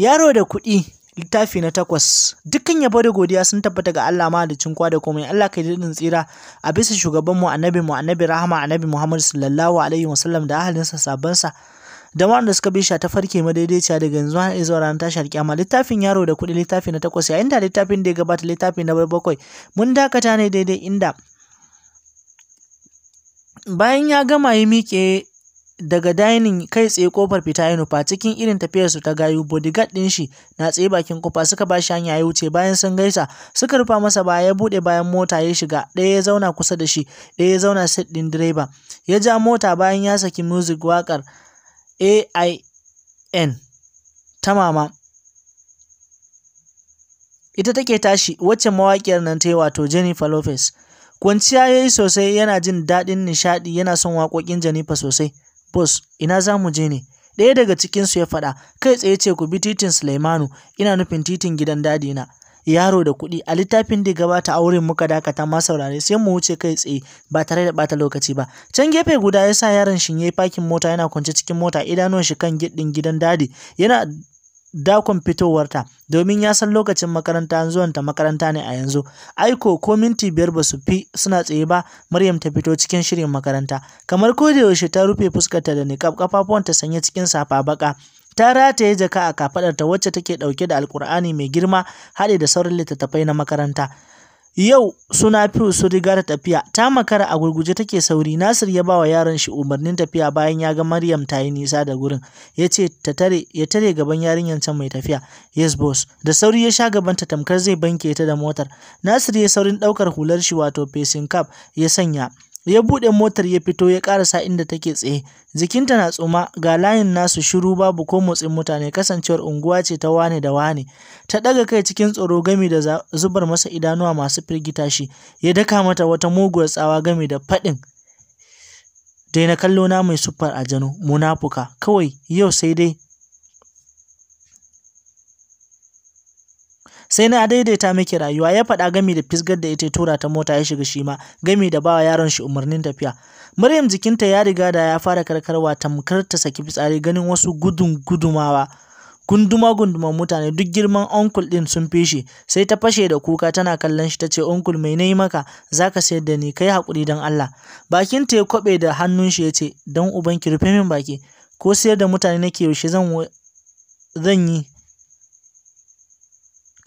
Yaro da kuɗi littafi na takwas dukkan yabo da godiya sun tabbata ga Allah da cinkwa da komai Allah kai dadin tsira a bisa shugaban mu annabi mu annabi rahama annabi Muhammad sallallahu alaihi wasallam da ahalinsa sa da wanda suka bi shi ta farke madaidaiciya daga yanzu har zuwa ta tashar kyama littafin yaro da kuɗi littafi na takwas yayin da littafin da ya gabata littafi na bakwai mun dakata ne daidai inda bayan ya gama yi miƙe daga dainin kai tsaye kofar fita ya nufa cikin irin tafiyar su ta gayu bodyguard ɗin shi na tsaye bakin kofa suka ba shi hanya ya wuce bayan sun gaisa suka rufa masa baya ya buɗe bayan mota ya shiga ɗaya ya zauna kusa da shi ɗaya ya zauna sit ɗin direba ya ja mota bayan ya saki music wakar AIN ta mama ita take tashi wacce mawaƙiyar nan ta yi wato Jennifer Lopez kwanciya ya yi sosai yana jin daɗin nishaɗi yana son waƙoƙin Jennifer sosai Bos, ina za mu je ne? Ɗaya daga cikinsu ya faɗa, kai tsaye ce ku bi titin Sulaimanu, ina nufin titin gidan dadi na. Yaro da kuɗi, a littafin da gabata auren muka dakata ma saurare sai mu wuce kai tsaye ba tare da ɓata lokaci ba. Can gefe guda ya sa yaron shin yi fakin mota yana kwance cikin mota idanuwan shi kan gidin gidan dadi yana dakon fitowarta domin ya san lokacin makaranta zuwanta makaranta ne a yanzu. Aiko ko minti biyar ba su fi suna tsaye ba Maryam ta fito cikin shirin makaranta. Kamar ko da yaushe ta rufe fuskarta da niƙaf ta sanye cikin safa baƙa. ta rataye jaka a kafaɗarta wacce take ɗauke da alkur'ani mai girma haɗe da sauran littattafai na makaranta Yau suna fi su riga ta tafiya, ta makara a gurguje take sauri, Nasir ya ba wa yaron shi umarnin tafiya bayan ya ga Maryam ta yi nisa da gurin. Ya ce ya tare gaban yarinyar can mai tafiya, yes boss, da sauri ya sha gaban ta tamkar zai banke ta da motar. Nasir ya saurin ɗaukar hular shi wato facing cap ya sanya. Ya buɗe motar ya fito ya ƙarasa inda take tsaye, jikinta na tsuma ga layin nasu shiru babu ko motsin mutane kasancewar unguwa ce ta wane da wane. Ta ɗaga kai cikin tsoro gami da zubar masa idanuwa masu firgita shi, ya daka mata wata muguwar tsawa gami da faɗin. Daina kallo na mai siffar jano munafuka, kawai yau sai dai sai na daidaita miki rayuwa ya faɗa gami da fisgar da ita tura ta mota ya shiga shi ma gami da bawa yaron shi umarnin tafiya Maryam jikinta ya riga da ya fara karkarwa tamkar ta saki fitsari ganin wasu gudun gudumawa gunduma gunduma mutane duk girman uncle din sun fi shi sai ta fashe da kuka tana kallon shi tace uncle mai nayi maka zaka sayar da ni kai hakuri dan Allah bakin ta ya kwabe da hannun shi yace dan uban ki rufe min baki ko sayar da mutane nake yaushe zan zan yi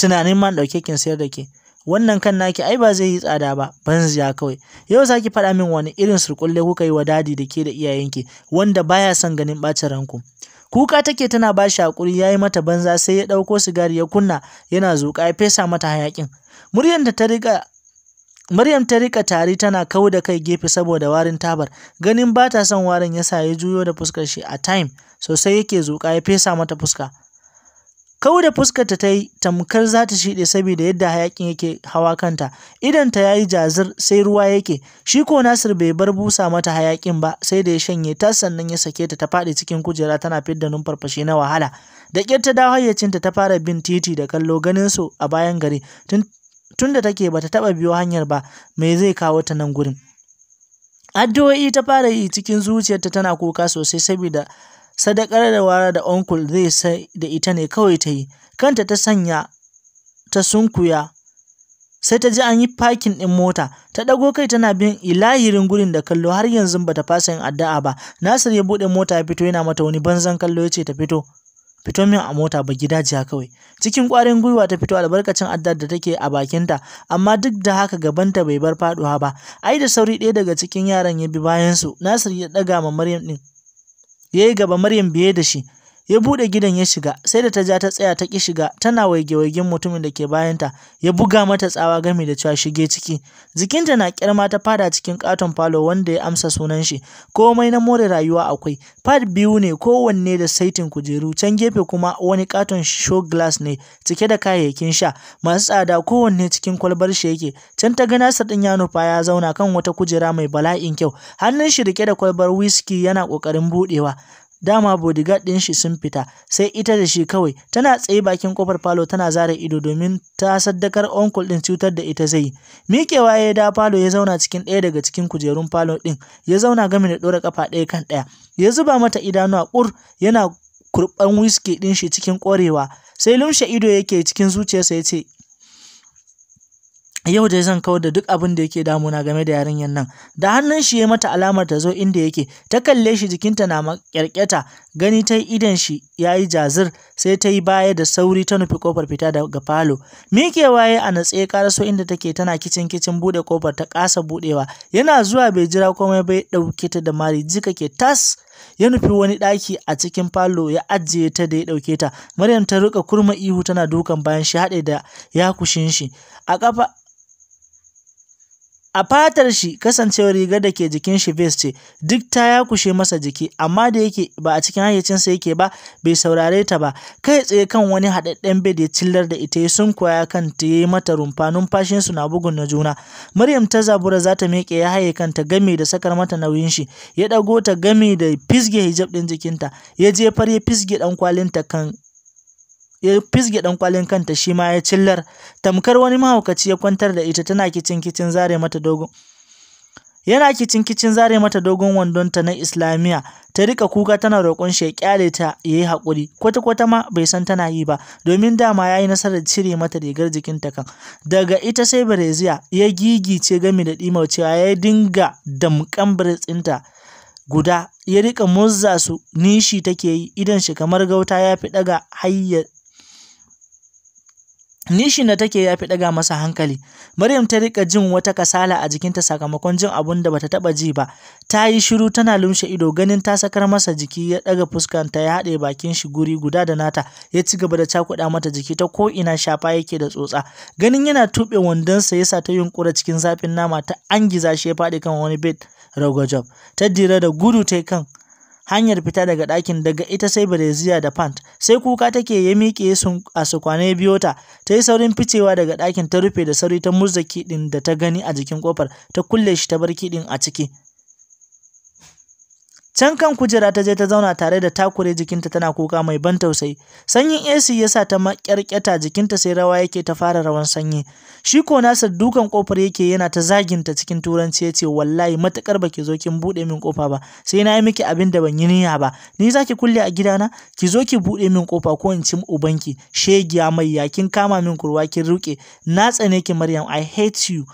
tunanin man ɗauke kin sayar da ke wannan kan naki ai ba zai yi tsada ba ziya kawai yau zaki faɗa min wani irin surƙulle kuka yi wa dadi da ke da iyayenki wanda baya son ganin ɓacin ranku kuka take tana ba shi hakuri yayi mata banza sai ya ɗauko sigari ya kunna yana zuƙa ya fesa mata hayaƙin muryar da ta riga Maryam ta rika tari tana kau da kai gefe saboda warin tabar ganin bata son warin yasa ya juyo da fuskar shi a time sosai yake zuƙa ya fesa mata fuska Kau da fuskarta ta yi tamkar za ta shiɗe saboda yadda hayaƙin yake hawa kanta. idan ya yi jazir sai ruwa yake. Shi ko Nasir bai bar busa mata hayaƙin ba sai da ya shanye ta sannan ya sake ta ta faɗi cikin kujera tana fidda numfarfashi na wahala. Da ƙyar ta dawo hayyacinta ta fara bin titi da kallo ganin su a bayan gari. tunda da take bata taɓa biyo hanyar ba me zai kawo ta nan gurin. Addu'o'i ta fara yi cikin zuciyarta tana kuka sosai saboda sadakar da wara da onkul zai sai da ita ne kawai ta yi kanta ta sanya ta sunkuya sai ta ji an yi fakin ɗin mota ta ɗago kai tana bin ilahirin gurin da kallo har yanzu ba ta fasa yin addu'a ba nasir ya buɗe mota ya fito yana mata wani banzan kallo ya ce ta fito fito min a mota ba jiya kawai cikin ƙwarin gwiwa ta fito albarkacin addar da take a bakinta amma duk da haka gabanta bai bar faɗuwa ba ai da sauri ɗaya daga cikin yaran ya bi bayansu nasir ya ɗaga ma maryam ɗin ya yi gaba Maryam biye da shi. Ya buɗe gidan ya shiga, sai da ta ja ta tsaya ta ƙi shiga, tana waige-waigen mutumin da ke bayanta, ya buga mata tsawa gami da cewa shige ciki. Jikinta na ƙyarma ta fada cikin ƙaton falo wanda ya amsa sunan shi, komai na more rayuwa akwai. Fad biyu ne kowanne da saitin kujeru, can gefe kuma wani ƙaton show glass ne cike da kayayyakin sha, masu tsada kowanne cikin kwalbar shi yake. Can ta ga nasa ɗin ya nufa ya zauna kan wata kujera mai bala'in kyau, hannun shi rike da kwalbar whisky yana ƙoƙarin buɗewa. dama bodyguard ɗin shi sun fita sai ita da shi kawai tana tsaye bakin kofar falo tana zara ido domin ta saddakar uncle ɗin cutar da ita zai miƙewa ya da falo ya zauna cikin ɗaya daga cikin kujerun falo ɗin ya zauna gami da ɗora kafa ɗaya kan ɗaya ya zuba mata idanu kur yana kurɓan wiski ɗin shi cikin ƙorewa sai lumshe ido yake cikin zuciyarsa ya ce yau dai zan kawar da duk abin da yake damuna game da yarinyar nan da hannun shi ya mata alamar ta zo inda yake ta kalle shi jikinta na makyarkyata gani ta yi idan shi ya yi jazir sai ta yi baya da sauri ta nufi kofar fita daga falo miƙewa ya a natse ya karaso inda take tana kicin kicin buɗe kofar ta kasa buɗewa yana zuwa bai jira komai bai ɗauke ta da mari jika ke tas ya nufi wani ɗaki a cikin falo ya ajiye ta da ya ɗauke ta maryam ta rika kurma ihu tana dukan bayan shi haɗe da yakushin shi a ƙafa A fatar shi, kasancewar rigar da ke jikin shi vest ce, duk ta ya kushe masa jiki, amma da yake ba a cikin hayyacinsa yake ba, bai saurare ta ba. Kai tsaye kan wani haɗaɗɗen bed ya cillar da ita ya koya kan ta yi mata rumfa numfashin su na bugun na juna. Maryam ta zabura za ta miƙe ya haye kanta game da sakar mata nauyin shi, ya ɗago ta game da fisge hijab ɗin jikinta, ya jefar ya fisge ɗan kwalinta kan ya fisge dan kwalin kanta shi ma ya cillar tamkar wani mahaukaci ya kwantar da ita tana kicin kicin zare mata dogon yana kicin kicin zare mata dogon wandonta na islamiya ta rika kuka tana roƙon shi ya kyale ta ya yi hakuri kwata kwata ma bai san tana yi ba domin dama ya yi nasarar cire mata rigar jikin ta kan daga ita sai brazil ya gigice gami da cewa ya dinga damƙan biritsinta guda ya rika muzza su nishi take yi idan shi kamar gauta ya fi daga hayya nishin da take ya fi ɗaga masa hankali maryam ta rika jin wata kasala a jikinta sakamakon jin abun da bata taɓa ji ba ta yi shiru tana lumshe ido ganin ta sakar masa jiki ya ɗaga ta ya haɗe bakin shi guri guda da nata ya ci gaba da cakuɗa mata jiki ta ko ina shafa yake da tsotsa ganin yana tuɓe wandonsa yasa ta yunkura cikin zafin nama ta angiza shi ya faɗi kan wani bed ragwajob ta dira da gudu ta kan hanyar fita daga ɗakin daga ita sai bareziya da pant sai kuka take ya miƙe a sukwane biyu ta ta yi saurin ficewa daga ɗakin ta rufe da sauri ta murza kiɗin da ta gani a jikin ƙofar ta kulle shi ta bar kiɗin a ciki Can kan kujera ta je ta zauna tare da takure jikinta tana kuka mai ban tausayi. Sanyin AC ya sa ta makyarkyata jikinta sai rawa yake ta fara rawan sanyi. Shi ko Nasir dukan kofar yake yana ta zaginta cikin turanci ya ce wallahi matukar baki zo kin bude min kofa ba sai na yi miki abin da ban yi niyya ba. Ni za ki kulle a gidana ki zo ki bude min kofa ko in ci ubanki shegiya mai ya kin kama min kurwa kin ruke na tsane ki Maryam I hate you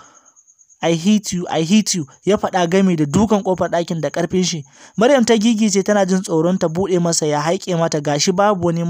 I hit you, I hit you, ya faɗa gami da dukan ƙofar ɗakin da ƙarfin shi. Maryam ta gigice tana jin tsoron ta buɗe masa ya haike mata gashi babu wani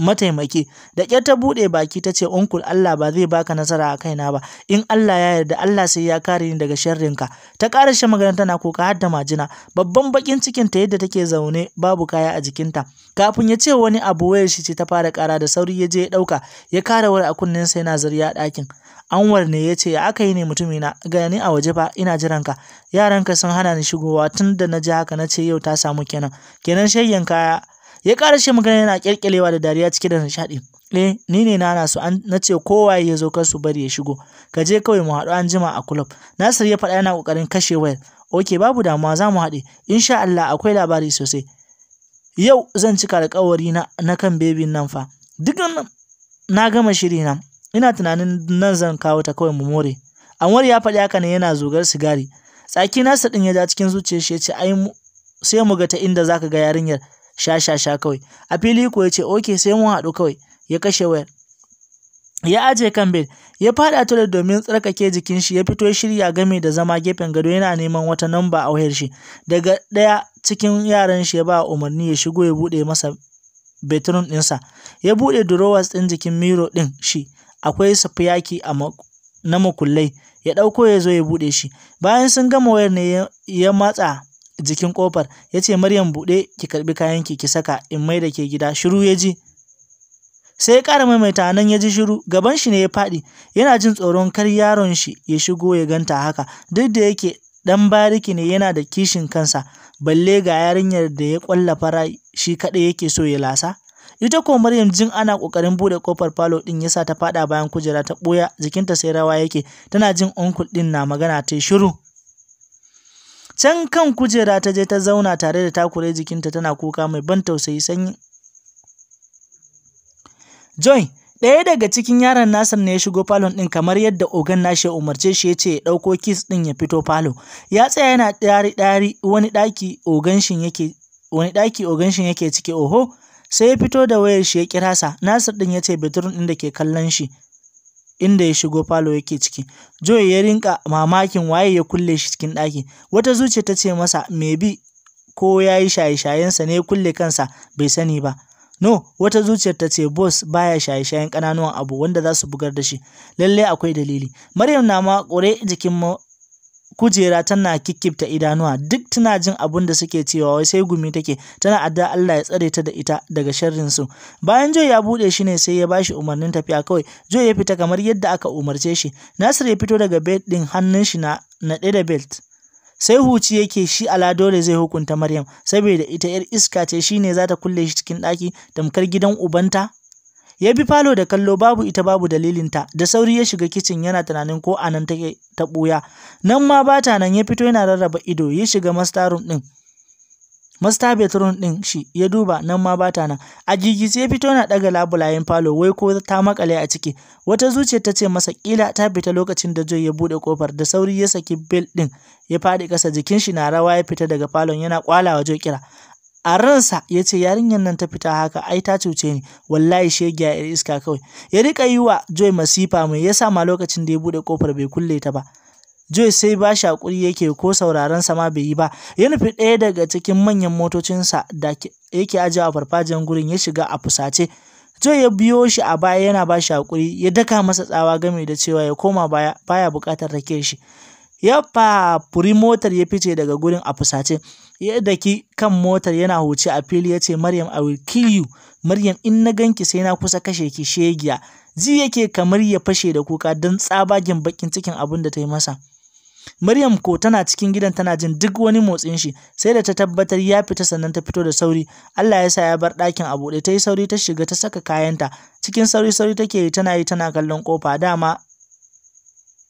mataimaki. Da ƙyar ta buɗe baki ta ce, uncle Allah ba zai baka nasara a kaina ba, in Allah ya yarda Allah sai ya kare ni daga sharrinka. Ta ƙara shi magana tana kuka har da majina, babban bakin cikin ta yadda take zaune babu kaya a jikinta. Kafin ya ce wani abu wayar shi ce ta fara ƙara da sauri ya je ya ɗauka, ya kare wani a kunnen sa yana zariya ɗakin. Anwar ne ya ce, aka yi ne mutumina, ga ni a waje ba ina jiranka, yaranka sun hana ni shigowa tun da na ji haka na ce yau ta samu kenan, kenan shayyan kaya. Ya ƙara shi magana yana ƙyalƙyalewa da dariya cike da nishaɗi. Eh, ni ne na nasu, na ce kowaye ya zo kar su bari ya shigo, ka je kawai mu haɗu an jima a kulob. Nasir ya faɗa yana ƙoƙarin kashe wayar. Ok, babu damuwa za mu haɗe, insha Allah akwai labari sosai. Yau zan cika alƙawari na, kan bebin nan fa. Duk na gama shiri na. ina tunanin nan zan kawo ta kawai mu more anwar ya faɗi haka ne yana zugar sigari tsaki nasa ɗin ya ja cikin zuciyar shi ya ce ai sai mu ga ta inda zaka ga yarinyar sha sha sha kawai a fili ko ya ce oke sai mu haɗu kawai ya kashe wayar ya aje kan bed ya a toilet domin tsarkake jikin shi ya fito shirya game da zama gefen gado yana neman wata namba a wayar shi daga ɗaya cikin yaran shi ya ba umarni ya shigo ya buɗe masa betrun ɗinsa. ya buɗe drawers ɗin jikin miro ɗin shi akwai sufiyaki na mukullai. ya ɗauko ya zo ya buɗe shi. Bayan sun gama wayar ne ya matsa jikin ƙofar ya ce Maryam buɗe ki karɓi kayanki ki saka in mai da ke gida shiru ya ji. Sai ya ƙara maimaita nan ya ji shiru gaban shi ne ya faɗi yana jin tsoron kar yaron shi ya shigo ya ganta haka duk da yake ɗan bariki ne yana da kishin kansa balle ga yarinyar da ya ƙwallafa rai shi kaɗai yake so ya lasa. Ita ko Maryam jin ana kokarin bude kofar falo ɗin yasa ta fada bayan kujera ta boya jikinta sai rawa yake tana jin uncle din na magana ta shiru. Can kan kujera ta je ta zauna tare da takure jikinta tana kuka mai ban tausayi sanyi. Joy daya daga cikin yaron Nasir ne ya shigo falon din kamar yadda ogan nashi ya umarce shi ya ce ya ɗauko kis ɗin ya fito falo. Ya tsaya yana dari dari wani ɗaki ogan shin yake wani daki ogan shin yake cike oho Sai ya fito da wayar shi ya kira sa, Nasir ɗin ya ce bedroom ɗin da ke kallon shi inda ya shigo falo yake ciki. Joy ya rinka mamakin waye ya kulle shi cikin ɗaki. Wata zuce ta ce masa me bi ko ya yi shaye sa ne ya kulle kansa bai sani ba. No, wata zuciyar ta ce boss baya shaye-shayen ƙananan abu wanda za su bugar da shi. Lallai akwai dalili. Maryam na ma kore jikin kujera tana kikkifta idanuwa duk tana jin abun da suke cewa wai sai gumi take tana adda Allah ya tsare ta da ita daga sharrin su bayan Joy ya bude shi ne sai ya bashi umarnin tafiya kawai Joy ya fita kamar yadda aka umarce shi Nasir ya fito daga bed din hannun shi na naɗe da belt sai huci yake shi ala dole zai hukunta Maryam saboda ita yar iska ce shine za ta kulle shi cikin ɗaki tamkar gidan ubanta Ya bi falo da kallo babu ita babu dalilinta, da sauri ya shiga kicin yana tunanin ko a nan take ta ɓuya. Nan ma ba ta nan ya fito yana rarraba ido ya shiga master room ɗin. Master bedroom ɗin shi ya duba nan ma ba ta nan. A gigice ya fito yana ɗaga labulayen falo wai ko ta makale a ciki. Wata zuciya ta ce masa ƙila ta fita lokacin da Joy ya buɗe kofar da sauri ya saki bel ɗin ya faɗi ƙasa jikin shi na rawa ya fita daga falon yana ƙwalawa Joy kira. a ransa ya ce yarinyar nan ta fita haka ai ta cuce ni wallahi shegiya yar iska kawai ya rika yi wa joy masifa mai yasa ma lokacin da ya bude kofar bai kulle ta ba joy sai ba shi hakuri yake ko sauraron sa ma bai yi ba ya nufi ɗaya daga cikin manyan motocin sa da yake aje a farfajen gurin ya shiga a fusace joy ya biyo shi a baya yana ba shi hakuri ya daka masa tsawa game da cewa ya koma baya baya buƙatar rake shi ya furi motar ya fice daga gurin a fusace. yadda ki kan motar yana huci a fili ya ce Maryam I will kill you. Maryam in na ganki sai na kusa kashe ki shegiya. Ji yake kamar ya fashe da kuka don tsabagen bakin cikin abin da ta yi masa. Maryam ko tana cikin gidan tana jin duk wani motsin shi sai da ta tabbatar ya fita sannan ta fito da sauri Allah ya sa ya bar ɗakin a buɗe ta yi sauri ta shiga ta saka kayanta cikin sauri sauri take yi tana yi tana kallon kofa dama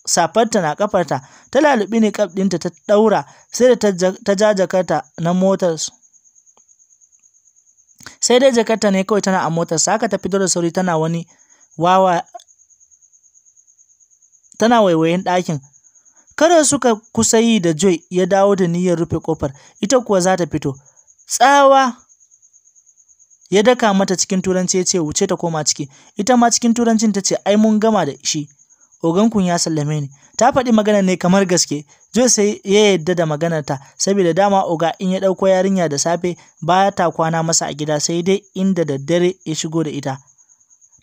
safarta na kafarta ta lalubi ne kaf ta ɗaura sai da ta ja jakarta na motar sai dai jakarta ne kawai tana a motar haka ta fito da sauri tana wani wawa tana waiwayin ɗakin kada suka kusa yi da joy ya dawo da niyyar rufe kofar ita kuwa za ta fito tsawa ya daka mata cikin turanci ya ce wuce ta koma ciki ita ma cikin turancin ta ce ai mun gama da shi ogankun ya sallame ni ta faɗi magana ne kamar gaske Joy sai ya yadda da maganarta saboda dama oga in ya ɗauko yarinya da safe ba ta kwana masa a gida sai dai inda daddare ya shigo da ita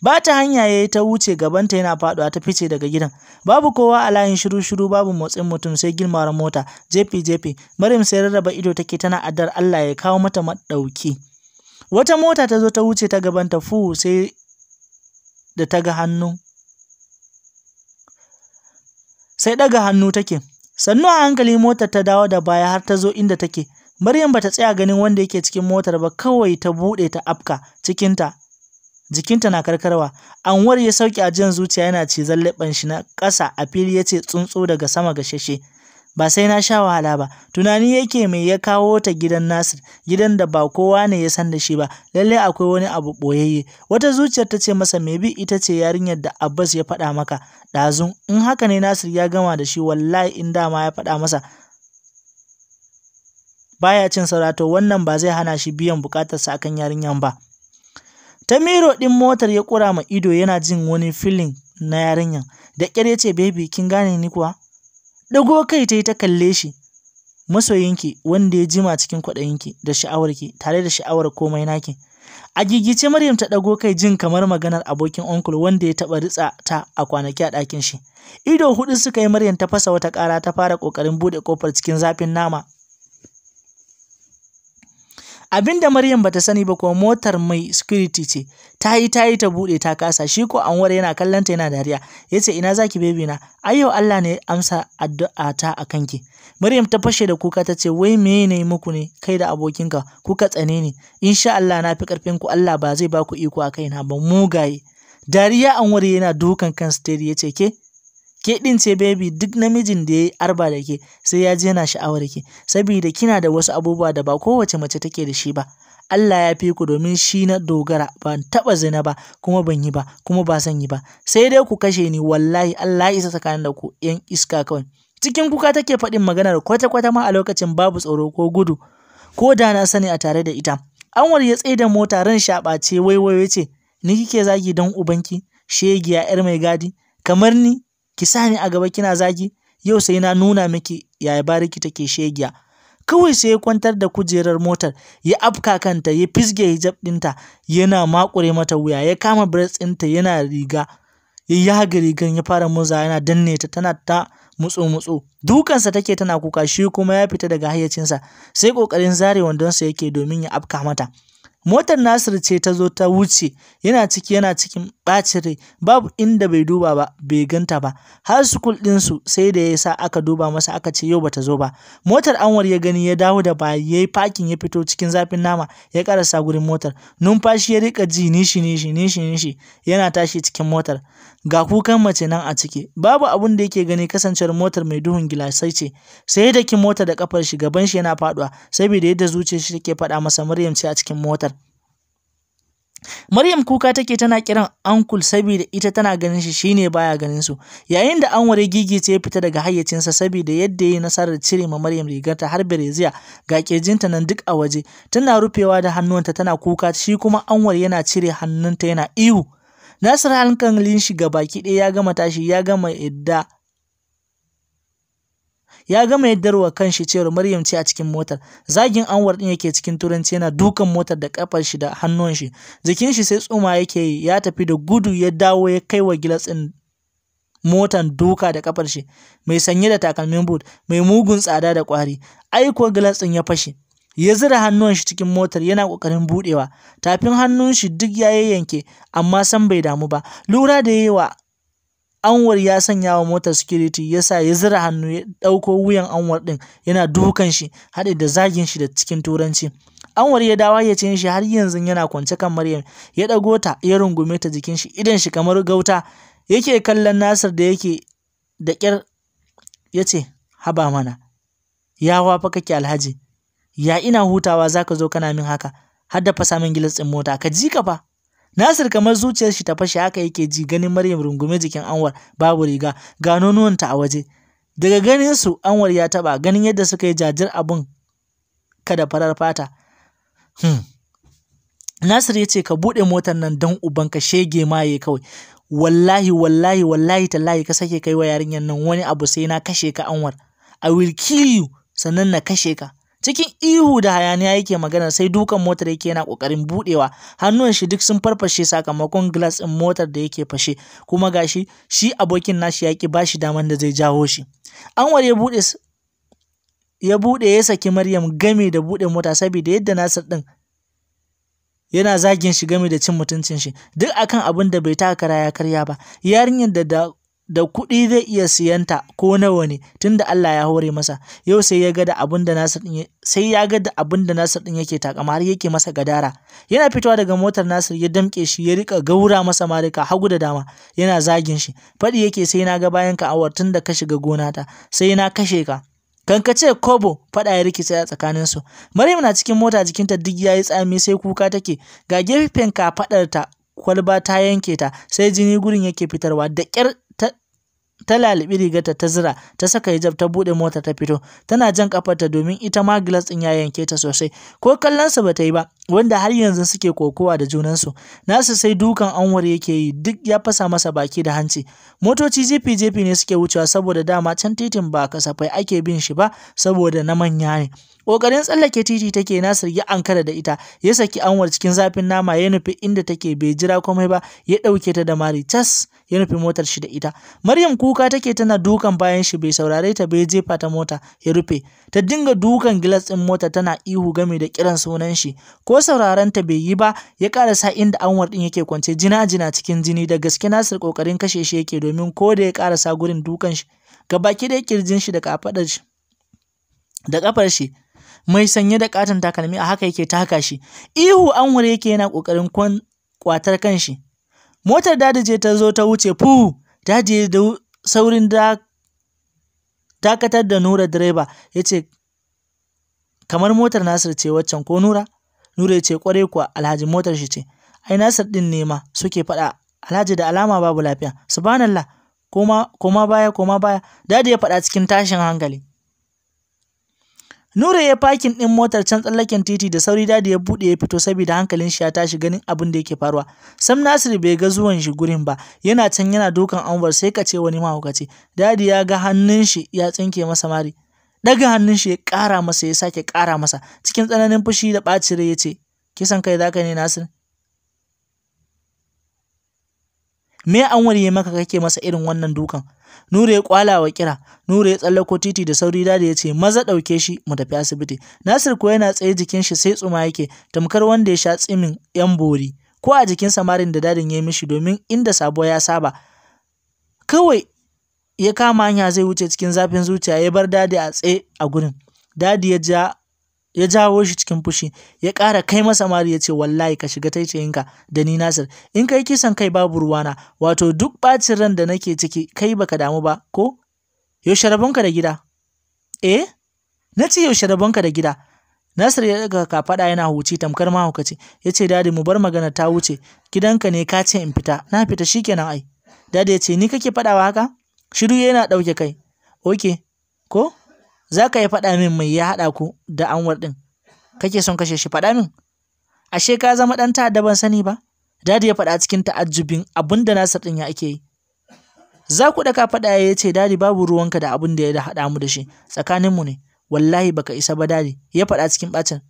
ba ta hanya ya ta wuce gabanta yana faɗuwa ta fice daga gidan babu kowa a layin shiru shiru babu motsin mutum sai girmawar mota jefi jefi maryam sai rarraba ido take tana addar Allah ya kawo mata madauki wata mota ta zo ta wuce ta gabanta fu sai da ta ga hannu sai ɗaga hannu take sannu a hankali motar ta dawo da baya har ta zo inda take maryam bata tsaya ganin wanda yake cikin motar ba kawai ta buɗe ta afka cikinta jikinta na karkarwa anwar ya sauke ajiyan zuciya yana cizon leɓen shi na ƙasa a fili ya ce tsuntsu daga sama ga sheshe ba sai na sha wahala ba tunani yake mai ya kawo ta gidan nasir gidan da ba kowa ne ya san da shi ba lalle akwai wani abu boyayye wata zuciyar ta ce masa me bi ita ce yarinyar da abbas ya faɗa maka ɗazun in haka ne Nasir ya gama da shi wallahi in dama ya faɗa masa baya cin sarato wannan ba zai hana shi biyan sa akan yarinyan ba. tamiro miro ɗin motar ya kura ma ido yana jin wani filin na yarinyan. Da ƙyar ya ce, Baby, kin gane ni kuwa? Ɗago kai ta yi ta kalle shi. Masoyinki wanda ya jima cikin kwaɗayinki da sha'awarki tare da sha'awar komai naki. A gigice Maryam ta ɗago kai jin kamar maganar abokin onkul wanda ya taɓa ritsa ta a kwanaki a ɗakin shi. Ido huɗu suka yi Maryam ta fasa wata ƙara ta fara ƙoƙarin buɗe ƙofar cikin zafin nama abin da maryam bata sani ba kuma motar mai security ce ta yi ta yi ta buɗe ta kasa shi ko anwar yana kallon ta yana dariya yace ina zaki baby na ayyo Allah ne amsa addu'a ta a kanki maryam ta fashe da kuka ta ce wai me ne muku ne kai da abokinka kuka tsane ne." insha Allah na fi karfin ku Allah ba zai ba ku iko a kaina ba mugaye dariya anwar yana dukan kan stage yace ke ke ɗin ce baby duk namijin da ya yi arba da ke sai ya ji yana sha'awar ke saboda kina da wasu abubuwa da ba kowace mace take da shi ba Allah ya fi ku domin shi na dogara ban taba zina ba kuma ban yi ba kuma ba san yi ba sai dai ku kashe ni wallahi Allah ya isa tsakanin da ku yan iska kawai cikin kuka take faɗin maganar kwata-kwata ma a lokacin babu tsoro ko gudu ko da na sani a tare da ita Anwar ya tsaye da mota ran shaɓace waiwaye ce ni kike zagi don ubanki shegiya yar mai gadi kamar ni ki sa ni a gaba kina zagi yau sai na nuna miki yaya bariki take shegiya kawai sai ya kwantar da kujerar motar ya afka kanta ya fisge hijab dinta, yana makure mata wuya ya kama breast ɗinta yana riga ya yaga rigan ya fara muza yana danne ta tana ta mutsu mutso dukansa take tana kuka shi kuma ya fita daga hayyacinsa sai kokarin zare wandonsa yake domin ya afka mata motar nasir ce ta zo ta wuce yana ciki yana cikin ɓacin rai babu inda bai duba ba bai ganta ba har sukul su sai da ya sa aka duba masa aka ce yau bata zo ba motar anwar ya gani ya dawo da baya ya yi fakin ya fito cikin zafin nama ya karasa gurin motar numfashi ya rika ji nishi nishi nishi nishi yana tashi cikin motar ga kukan mace nan a ciki babu abun da yake gani kasancewar motar mai duhun gilasai ce sai da ki motar da kafar shi gaban shi yana faduwa saboda yadda zuciyar shi take faɗa masa Maryam ce a cikin motar Maryam kuka take tana kiran uncle saboda ita tana ganin shi shine baya ganin su. Yayin da Anwar gigi ce fita daga hayyacinsa saboda yadda yayi nasarar cire ma Maryam rigarta har Bereziya ga kejinta nan duk a waje. Tana rufewa da hannuwanta tana kuka shi kuma Anwar yana cire hannunta yana ihu. Nasir hankalin shi ga baki ɗaya ya gama tashi ya gama yadda ya gama kan shi cewar Maryam ce a cikin motar zagin Anwar din yake cikin turanci yana dukan motar da kafar shi da hannun shi jikin shi sai tsuma yake yi ya tafi da gudu ya dawo ya kai wa gilas din motan duka da kafar shi mai sanye da takalmin boot mai mugun tsada da kwari aiko gilas din ya fashe ya zira hannun shi cikin motar yana kokarin budewa tafin hannun shi duk ya yanke, amma san bai damu ba lura da yawa anwar ya sanya wa motar security ya sa ya zira hannu ya ɗauko wuyan anwar ɗin yana dukan shi haɗe da zagin shi da cikin turanci anwar ya dawo ya ce shi har yanzu yana kwance kan maryam ya ɗago ta ya rungume ta jikin shi idan shi kamar gauta yake kallon nasir da yake da ƙyar ya ce haba mana ya wafa kake alhaji ya ina hutawa zaka zo kana min haka har da fasa min gilas ɗin mota ka ji ka fa Nasir kamar zuciyar shi ta fashe haka yake ji ganin Maryam rungume jikin Anwar babu riga ga nonuwanta a waje. Daga ganin su Anwar ya taba ganin yadda suka yi jajir abun kada farar fata. Hmm. Nasir ya ce ka buɗe motar nan don ka shege maye kawai. Wallahi wallahi wallahi tallahi ka sake kai wa yarinyar nan wani abu sai na kashe ka Anwar. I will kill you sannan na kashe ka. cikin ihu da hayaniya yake magana sai dukan motar yake yana kokarin budewa hannun shi duk sun farfashe sakamakon glass din motar da yake fashe kuma gashi shi abokin nashi yaki bashi daman da zai jawo shi An ya bude ya bude ya saki maryam game da bude mota saboda yadda nasir din yana zagin shi game da cin mutuncin shi duk akan abin da bai taka kara ya karya ba yarinyar da da da kuɗi zai iya siyanta ko nawa ne tunda Allah ya hore masa yau sai ya ga da abin da Nasir din sai ya ga da abin da Nasir din yake takama har yake masa gadara yana fitowa daga motar Nasir ya damke shi ya rika gaura masa marika hagu da dama yana zagin shi faɗi yake sai na ga bayan ka awar tunda ka shiga ta, sai na kashe ka kankace kobo fada ya rikice a tsakanin su maryam na cikin mota jikinta duk yayi tsami sai kuka take ga gefen ka fadar ta kwalba ta yanke ta sai jini gurin yake fitarwa da kyar ta lalibi rigarta ta zira ta saka hijab ta bude mota ta fito tana jan kafarta domin ita ma glass din ya yanke ta sosai ko kallon sa bata yi ba wanda har yanzu suke kokowa da junansu nasu sai dukan anwar yake yi duk ya fasa masa baki da hanci motoci jefi jefi ne suke wucewa saboda dama can titin ba kasafai ake bin shi ba saboda na manya ne kokarin tsallake titi take nasir ya ankara da ita ya saki anwar cikin zafin nama ya nufi inda take bai jira komai ba ya ɗauke ta da mari tas ya nufi motar shi da ita maryam kuka take tana dukan bayan shi bai saurare ta bai jefa ta mota ya rufe ta dinga dukan gilas ɗin mota tana ihu game da kiran sunan shi ko sauraron ta bai yi ba ya sa inda anwar din yake kwance jina jina cikin jini da gaske nasir kokarin kashe shi yake domin ko da ya karasa gurin dukan shi gabaki da kirjin shi da kafadar shi da kafar shi mai sanye da katon takalmi a haka yake taka shi ihu anwar yake yana kokarin kwan kwatar kanshi motar dadije ta zo ta wuce fu dadi da saurin da dakatar da nura direba ya ce kamar motar nasir ce waccan ko nura Nura ce kwarai kuwa Alhaji motar shi ce. Ai Nasir ɗin ne ma suke faɗa Alhaji da alama babu lafiya. Subhanallah koma koma baya koma baya dadi ya faɗa cikin tashin hankali. Nura ya fakin ɗin motar can tsallaken titi da sauri dadi ya buɗe ya fito saboda hankalin shi ya tashi ganin abin da yake faruwa. Sam Nasir bai ga zuwan shi gurin ba, yana can yana dukan anwar sai ka ce wani mahaukaci. Dadi ya ga hannun shi ya tsinke masa mari. ɗaga hannun shi ya ƙara masa ya sake ƙara masa cikin tsananin fushi da ɓacin rai ya ce kisan kai zaka ne nasir me anwar ya maka kake masa irin wannan dukan nura ya kwala wa kira nura ya tsallako titi da sauri da ya ce maza ɗauke shi mu tafi asibiti nasir kuwa yana tsaye jikin shi sai tsuma yake tamkar wanda ya sha tsimin yan bori ko a jikin samarin da dadin ya yi mishi domin inda sabo ya saba kawai ya kama hanya zai wuce cikin zafin zuciya ya bar dadi a tsaye a gurin dadi ya ja ya jawo shi cikin fushi ya ƙara kai masa mari ya ce wallahi ka shiga taicayinka da ni nasir in kai kisan kai babu ruwana wato duk ɓacin ran da nake ciki kai baka damu ba ko yaushe rabonka da gida eh na ce yaushe rabonka da gida nasir ya daga kafaɗa yana huci tamkar mahaukaci ya ce dadi mu bar magana ta wuce gidanka ne ka ce in fita na fita shikenan ai dadi ya ce ni kake faɗawa haka shiru yana ɗauke kai ok ko za ka yi faɗa min mai ya haɗa ku da anwar ɗin kake son kashe shi faɗa min ashe ka zama ɗan ta'adda ban sani ba dadi ya faɗa cikin ta'ajjubin abin da nasir ɗin ya ake yi za ku ɗaka faɗa ya ce dadi babu ruwanka da abin da ya haɗa mu da shi tsakaninmu ne wallahi baka isa ba dadi ya faɗa cikin ɓacin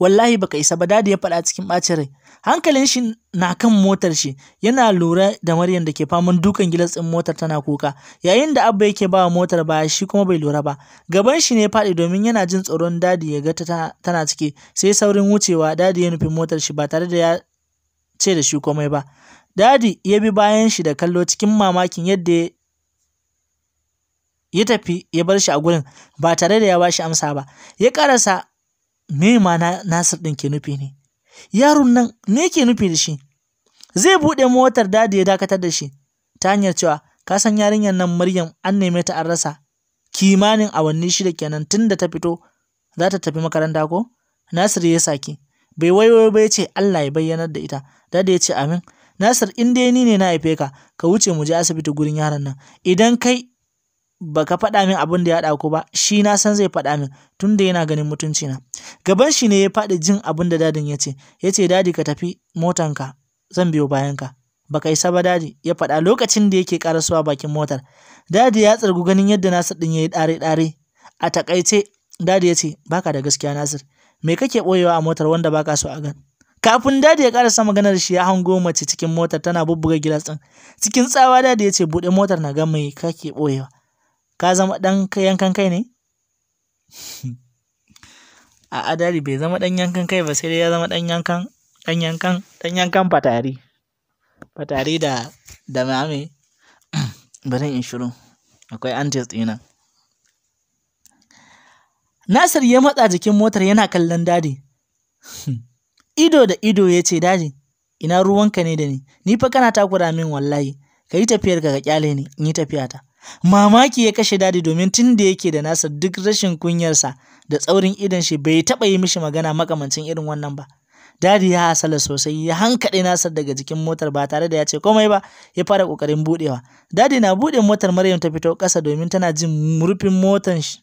wallahi baka isa ba dadi ya faɗa cikin ɓacin rai hankalin shi na kan motar shi yana lura da maryam da ke faman dukan gilas ɗin motar tana kuka yayin da abba yake bawa motar baya shi kuma bai lura ba gaban shi ne faɗi domin yana jin tsoron dadi ya ga tana ciki sai saurin wucewa dadi ya nufi motar shi ba tare da ya ce da shi komai ba dadi ya bi bayan shi da kallo cikin mamakin yadda ya tafi ya bar shi a gurin ba tare da ya bashi amsa ba ya karasa me ma Nasir ɗin ke nufi ne yaron nan me ke nufi da shi zai buɗe motar dadi ya dakatar da shi ta hanyar cewa ka san yarinyar nan Maryam an neme ta an rasa kimanin awanni shida kenan tun da ta fito za ta tafi makaranta ko Nasir ya saki bai waiwayo ba ya ce Allah ya bayyanar da ita dadi ya ce amin Nasir in dai ni ne na haife ka ka wuce mu je asibiti gurin yaron nan idan kai baka faɗa min abin da ya haɗa ba shi na san zai faɗa min tun da yana ganin mutunci na gaban shi ne ya faɗi jin abin da dadin ya ce ya ce dadi ka tafi motanka zan biyo bayanka baka isa ba dadi ya faɗa lokacin da yake karasuwa bakin motar dadi ya tsargu ganin yadda nasir din ya yi ɗare ɗare a takaice dadi ya ce baka da gaskiya nasir me kake ɓoyewa a motar wanda baka so a gan kafin dadi ya karasa maganar shi ya hango mace cikin motar tana bubbuga gilas ɗin. cikin tsawa dadi ya ce buɗe motar na ga mai kake ɓoyewa ka zama ɗan yankan kai ne a adari bai zama ɗan yankan kai ba sai dai ya zama ɗan yankan ɗan yankan ɗan yankan fatari fatari da da mame bari in shiru akwai antis ɗina Nasir ya matsa jikin motar yana kallon dadi ido da ido ya ce dadi ina ruwanka ne da ni ni fa kana takura min wallahi ka yi tafiyar ka ka kyale ni in yi tafiyata mamaki ya kashe dadi domin tun da yake da nasa duk rashin kunyarsa da tsaurin idon shi bai taɓa yi mishi magana makamancin irin wannan ba dadi ya hasala sosai ya hankaɗe nasa daga jikin motar ba tare da ya ce komai ba ya fara ƙoƙarin buɗewa dadi na buɗe motar maryam ta fito ƙasa domin tana jin murfin motar shi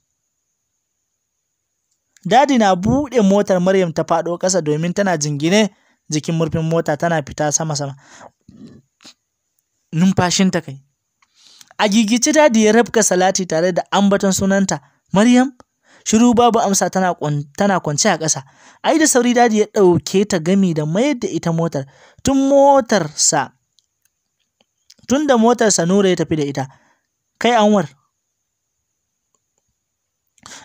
dadi na buɗe motar maryam ta faɗo ƙasa domin tana jingine jikin murfin mota tana fita sama-sama numfashinta kai A gigice dadi ya rabka salati tare da ambaton sunanta, Maryam, shiru babu amsa tana tana kwance a ƙasa. Ai da sauri dadi ya ɗauke ta gami da mayar da ita motar, tun motarsa, tun da motarsa Nura ya tafi da ita. Kai Anwar,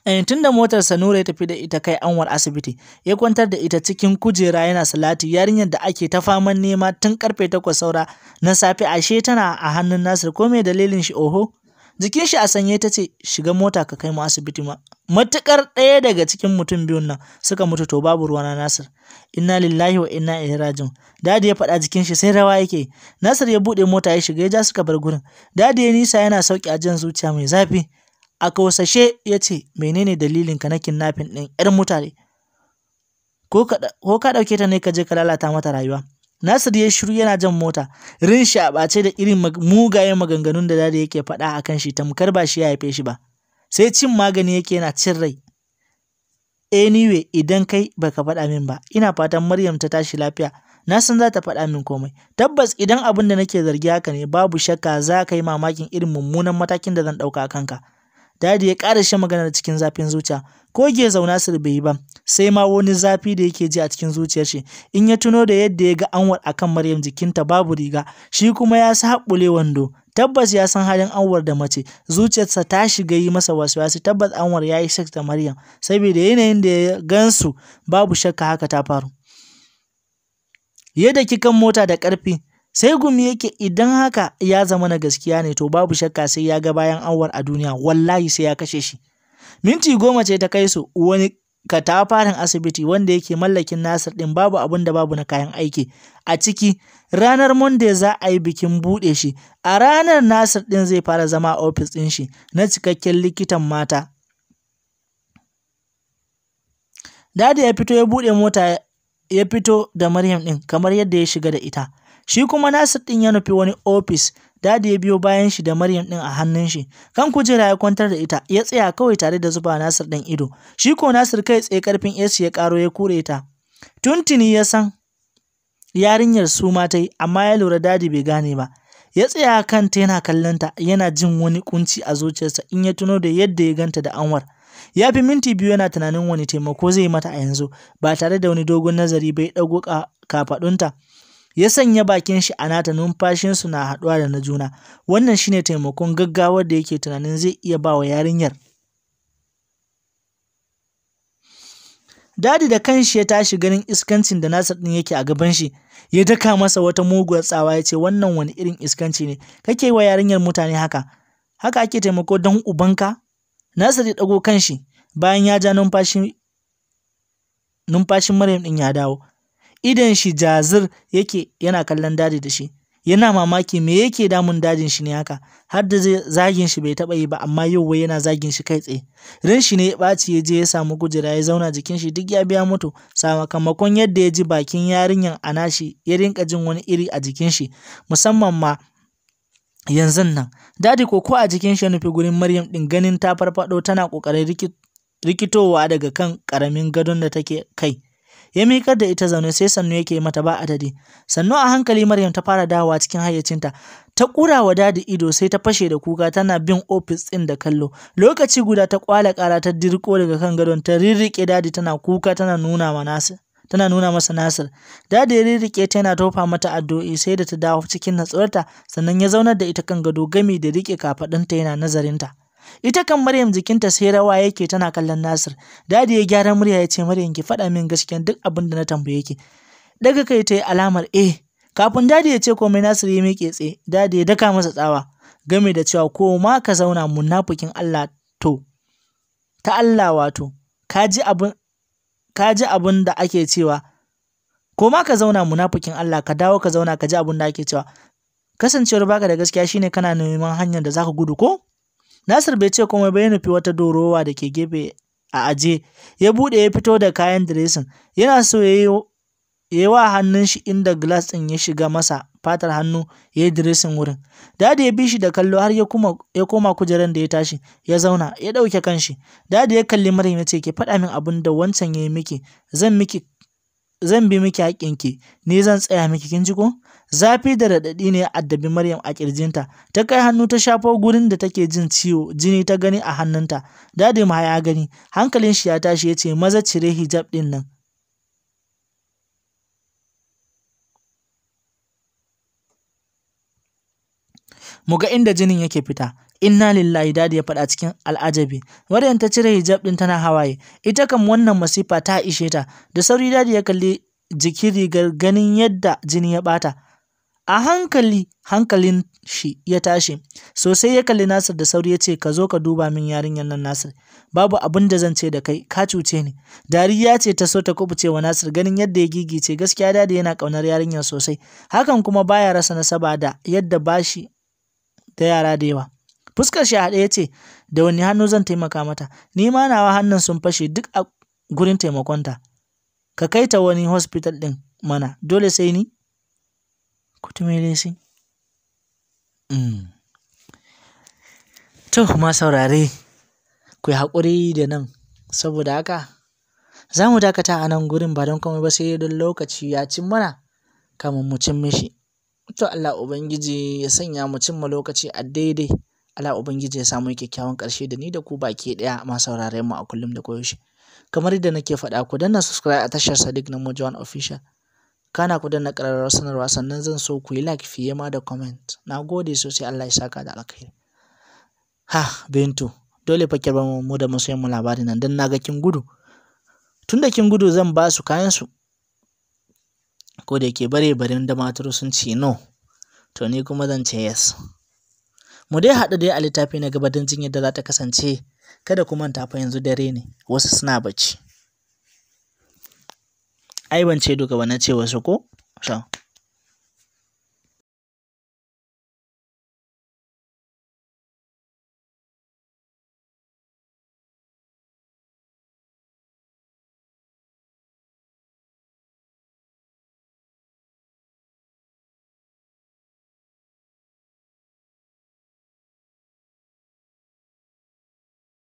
Eh, tun da motarsa Nura ya tafi da ita kai Anwar asibiti, ya kwantar da ita cikin kujera yana salati yarinyar da ake ta faman nema tun karfe takwas saura na safe ashe tana a hannun Nasir ko me dalilin shi oho? Jikin shi a sanye ta ce shiga mota ka kai mu asibiti ma. Matukar ɗaya daga cikin mutum biyun nan suka mutu to babu ruwa na Nasir. Inna lillahi wa inna ilaihi rajiun. Dadi ya faɗa jikin shi sai rawa yake. Nasir ya buɗe mota ya shiga ya ja suka bar gurin. Dadi ya nisa yana sauki a jan zuciya mai zafi. a kausashe ya ce menene dalilin ka na kidnapping ɗin 'yar mutane ko ka ɗauke ta ne ka je ka lalata mata rayuwa Nasir ya shiru yana jan mota rin shi a ɓace da irin mugayen maganganun da dadi yake faɗa a kan shi tamkar ba shi ya haife shi ba sai cin magani yake yana cin rai anyway idan kai baka faɗa min ba ina fatan Maryam ta tashi lafiya na san za ta faɗa min komai tabbas idan abin da nake zargi haka ne babu shakka za ka yi mamakin irin mummunan matakin da zan ɗauka a kanka Dadi ya ƙara shan maganar cikin zafin zuciya. Ko ge zauna sir bai yi ba, sai ma wani zafi da yake ji a cikin zuciyar shi. In ya tuno da yadda ya ga Anwar akan Maryam jikinta babu riga, shi kuma ya sa haƙule wando. Tabbas ya san halin Anwar da mace, zuciyarsa ta shiga yi masa wasu, waswasi. Tabbas Anwar ya yi shak da Maryam, saboda yanayin da ya gansu babu shakka haka ta faru. Yadda kikan mota da ƙarfi, sai gumi yake idan haka ya zama na gaskiya ne to babu shakka sai ya ga bayan awar a duniya wallahi sai ya kashe shi minti goma ce ta kai su wani katafaren asibiti wanda yake mallakin nasir din babu abin da babu na kayan aiki a ciki ranar monday za a yi bikin buɗe shi a ranar nasir din zai fara zama a ofis ɗin shi na cikakken likitan mata dadi ya fito ya buɗe mota ya fito da maryam ɗin kamar yadda ya shiga da ita Shi kuma Nasir ɗin ya nufi wani ofis, Dadi ya biyo bayan shi da Maryam din a hannun shi. Kan kujera ya kwantar da ita, ya tsaya kawai tare da zuba Nasir ɗin ido. Shi ko Nasir kai tsaye karfin AC ya karo ya kure ta. Tuntuni ya san yarinyar su ma ta amma ya lura Dadi bai gane ba. Ya tsaya kanta yana kallonta, yana jin wani kunci a zuciyarsa in ya tuno da yadda ya ganta da Anwar. Ya fi minti biyu yana tunanin wani taimako zai mata a yanzu, ba tare da wani dogon nazari bai ɗago kafaɗunta. ya sanya bakin shi a nata numfashinsu na haɗuwa da na juna wannan shine taimakon gaggawar da yake tunanin zai iya ba wa yarinyar dadi da kanshi ya tashi ganin iskancin da nasa ɗin yake a gaban shi ya daka masa wata muguwar tsawa ya ce wannan wani irin iskanci ne kake wa yarinyar mutane haka haka ake taimako don ubanka nasa ya ɗago kanshi bayan ya ja numfashi numfashin maryam ɗin ya dawo idan shi jazir yake yana kallon daji da shi yana mamaki me yake damun dajin shi ne haka har da zagin shi bai taba yi ba amma yau wai yana zagin shi kai tsaye ran shi ne ya ɓaci ya je ya samu gujira ya zauna jikin shi duk ya biya mutu sakamakon yadda ya ji bakin a nashi ya rinka jin wani iri a jikin shi musamman ma yanzu nan dadi ko ko a jikin shi ya nufi gurin maryam din ganin ta farfaɗo tana kokarin rikitowa daga kan karamin gadon da take kai ya miƙar da ita zaune sai sannu yake mata ba adadi sannu a hankali maryam ta fara dawowa cikin hayyacinta ta ƙura wa dadi ido sai ta fashe da kuka tana bin ofis ɗin da kallo lokaci guda ta kwala ƙara ta dirko daga kan gadon ta rirriƙe dadi tana kuka tana nuna wa nasir tana nuna masa Nasir. Dadi ya rirriƙe ta yana tofa mata addu'o'i sai da ta dawo cikin natsuwarta sannan ya zaunar da ita kan gado gami da riƙe kafaɗinta yana nazarinta. ita kan Maryam jikinta sai rawa yake tana kallon Nasir dadi ya gyara murya ya ce Maryam ki faɗa min gaskiya duk abin da na tambaye ki daga kai ta yi alamar eh kafin dadi ya ce komai Nasir ya miƙe tse dadi ya daka masa tsawa game da cewa ko ma ka zauna munafikin Allah to ta Allah wato ka abin ka abin da ake cewa ko ma ka zauna munafikin Allah ka dawo ka zauna ka ji abin da ake cewa kasancewar baka da gaskiya shine kana neman hanyar da zaka gudu ko Nasir bai ce komai ba ya nufi wata dorowa da ke gefe a aje, ya buɗe ya fito da kayan diresin, yana so ya yi wa hannun shi inda glass ɗin ya shiga masa fatar hannu ya yi diresin wurin. Dadi ya bi shi da kallo har ya koma kujeran da ya tashi, ya zauna, ya ɗauke kanshi. Dadi ya kalli Maryam ya ce, ki faɗa min abin da wancan ya yi miki, zan miki zan bi miki haƙƙinki, ni zan tsaya miki, kin ji ko? zafi da raɗaɗi ne ya addabi Maryam a ƙirjinta, ta kai hannu ta shafo gurin da take jin ciwo, jini ta gani a hannunta. Dadi ma ya gani, hankalin shi ya tashi ya ce maza cire hijab ɗin nan. Mu ga inda jinin yake fita, inna lillahi dadi ya faɗa cikin al'ajabi maryam ta cire hijab ɗin tana hawaye ita kam wannan masifa ta ishe ta da sauri dadi ya kalli jikin rigar ganin yadda jini ya ɓata a hankali hankalin shi ya tashi sosai ya kalli Nasir da sauri ya ce ka zo ka duba min yarinyar nan Nasir babu abin da zan ce da kai ka cuce ni dariya ce ta so ta kubuce wa Nasir ganin yadda ya gigice gaskiya dadi yana kaunar yarinyar sosai hakan kuma baya rasa nasaba da yadda bashi da yara da yawa fuskar shi haɗe ya ce da wani hannu zan taimaka mata ni ma nawa hannun sun fashe duk a gurin taimakonta ka kai ta wani hospital ɗin mana dole sai ni kutumelesi? Mm. To ma saurare, ku yi haƙuri da nan saboda haka za mu dakata a nan gurin ba don komai ba sai don lokaci ya cin mana kamin mu cin mishi. To Allah Ubangiji ya sanya mu cimma lokaci a daidai. Allah Ubangiji ya samu kyakkyawan ƙarshe da ni da ku baki ɗaya ma sauraren mu a kullum da koyaushe. Kamar yadda nake faɗa ku danna subscribe a tashar Sadiq na Mojo Official. kana ku danna ƙararrawar sanarwa sannan zan so ku yi like fiye ma da comment na gode sosai Allah ya saka da alkhairi ha bintu dole fa kirba mu da masoyan mu labarin nan dan naga kin gudu tunda kin gudu zan ba su kayan su ko da yake bare barin da matar sun ce no to ni kuma zan ce yes mu dai haɗu dai a littafi na gaba don jin yadda za ta kasance kada ku manta fa yanzu dare ne wasu suna bacci ai ban duka ba na ce wasu ko?